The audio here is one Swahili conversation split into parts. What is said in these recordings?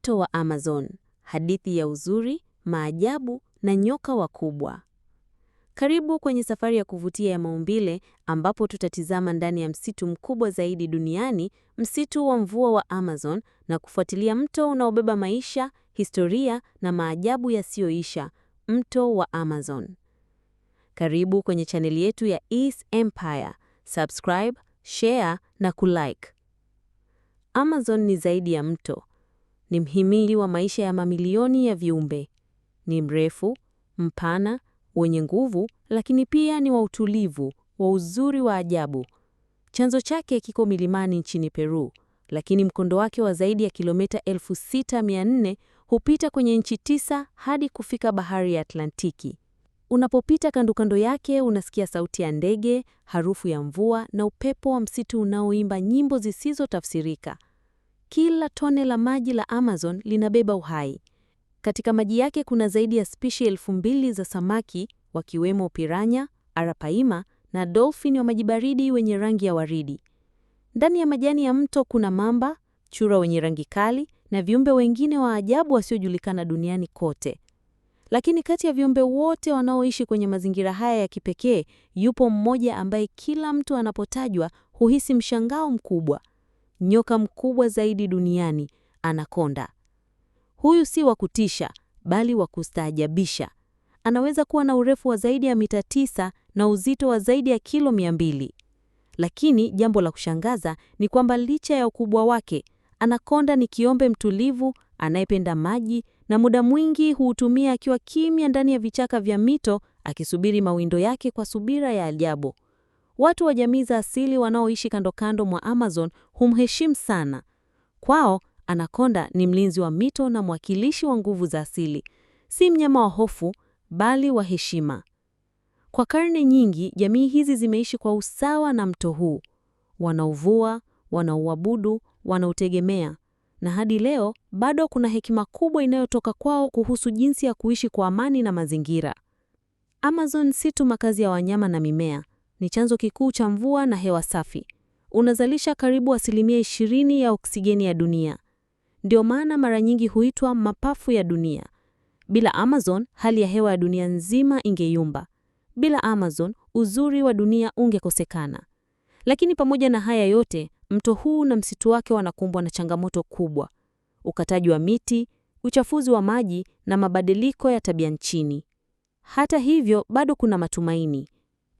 mto wa Amazon: hadithi ya uzuri, maajabu na nyoka wakubwa. Karibu kwenye safari ya kuvutia ya maumbile ambapo tutatizama ndani ya msitu mkubwa zaidi duniani, msitu wa mvua wa Amazon, na kufuatilia mto unaobeba maisha, historia na maajabu yasiyoisha, mto wa Amazon. Karibu kwenye chaneli yetu ya East Empire. Subscribe, share na kulike. Amazon ni zaidi ya mto, ni mhimili wa maisha ya mamilioni ya viumbe. Ni mrefu, mpana, wenye nguvu, lakini pia ni wa utulivu, wa uzuri wa ajabu. Chanzo chake kiko milimani nchini Peru, lakini mkondo wake wa zaidi ya kilomita 6400 hupita kwenye nchi tisa hadi kufika bahari ya Atlantiki. Unapopita kando kando yake, unasikia sauti ya ndege, harufu ya mvua na upepo wa msitu unaoimba nyimbo zisizotafsirika. Kila tone la maji la Amazon linabeba uhai. Katika maji yake kuna zaidi ya spishi elfu mbili za samaki wakiwemo piranya, arapaima na dolphin wa maji baridi wenye rangi ya waridi. Ndani ya majani ya mto kuna mamba, chura wenye rangi kali na viumbe wengine wa ajabu wasiojulikana duniani kote. Lakini kati ya viumbe wote wanaoishi kwenye mazingira haya ya kipekee, yupo mmoja ambaye kila mtu anapotajwa huhisi mshangao mkubwa nyoka mkubwa zaidi duniani, anakonda. Huyu si wa kutisha, bali wa kustaajabisha. Anaweza kuwa na urefu wa zaidi ya mita tisa na uzito wa zaidi ya kilo mia mbili. Lakini jambo la kushangaza ni kwamba licha ya ukubwa wake, anakonda ni kiombe mtulivu anayependa maji na muda mwingi huutumia akiwa kimya ndani ya vichaka vya mito akisubiri mawindo yake kwa subira ya ajabu. Watu wa jamii za asili wanaoishi kando kando mwa Amazon humheshimu sana. Kwao, anakonda ni mlinzi wa mito na mwakilishi wa nguvu za asili, si mnyama wa hofu, bali wa heshima. Kwa karne nyingi, jamii hizi zimeishi kwa usawa na mto huu, wanauvua, wanauabudu, wanautegemea, na hadi leo bado kuna hekima kubwa inayotoka kwao kuhusu jinsi ya kuishi kwa amani na mazingira. Amazon si tu makazi ya wanyama na mimea, ni chanzo kikuu cha mvua na hewa safi. Unazalisha karibu asilimia ishirini ya oksijeni ya dunia. Ndio maana mara nyingi huitwa mapafu ya dunia. Bila Amazon, hali ya hewa ya dunia nzima ingeyumba. Bila Amazon, uzuri wa dunia ungekosekana. Lakini pamoja na haya yote, mto huu na msitu wake wanakumbwa na changamoto kubwa: ukataji wa miti, uchafuzi wa maji na mabadiliko ya tabia nchini. Hata hivyo, bado kuna matumaini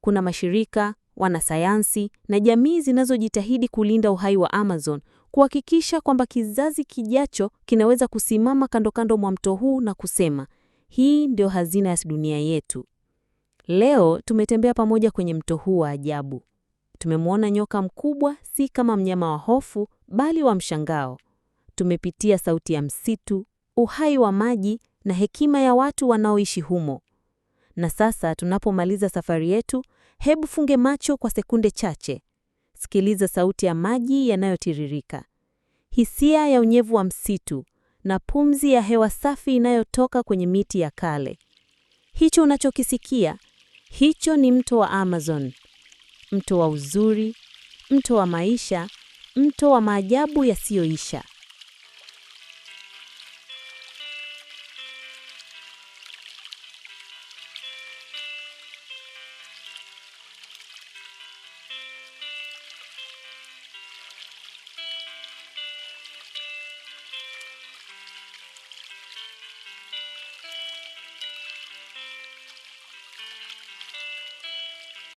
kuna mashirika, wanasayansi na jamii zinazojitahidi kulinda uhai wa Amazon, kuhakikisha kwamba kizazi kijacho kinaweza kusimama kando kando mwa mto huu na kusema hii ndio hazina ya dunia yetu. Leo tumetembea pamoja kwenye mto huu wa ajabu. Tumemwona nyoka mkubwa, si kama mnyama wa hofu, bali wa mshangao. Tumepitia sauti ya msitu, uhai wa maji na hekima ya watu wanaoishi humo. Na sasa tunapomaliza safari yetu, hebu funge macho kwa sekunde chache. Sikiliza sauti ya maji yanayotiririka, hisia ya unyevu wa msitu na pumzi ya hewa safi inayotoka kwenye miti ya kale. Hicho unachokisikia, hicho ni mto wa Amazon, mto wa uzuri, mto wa maisha, mto wa maajabu yasiyoisha.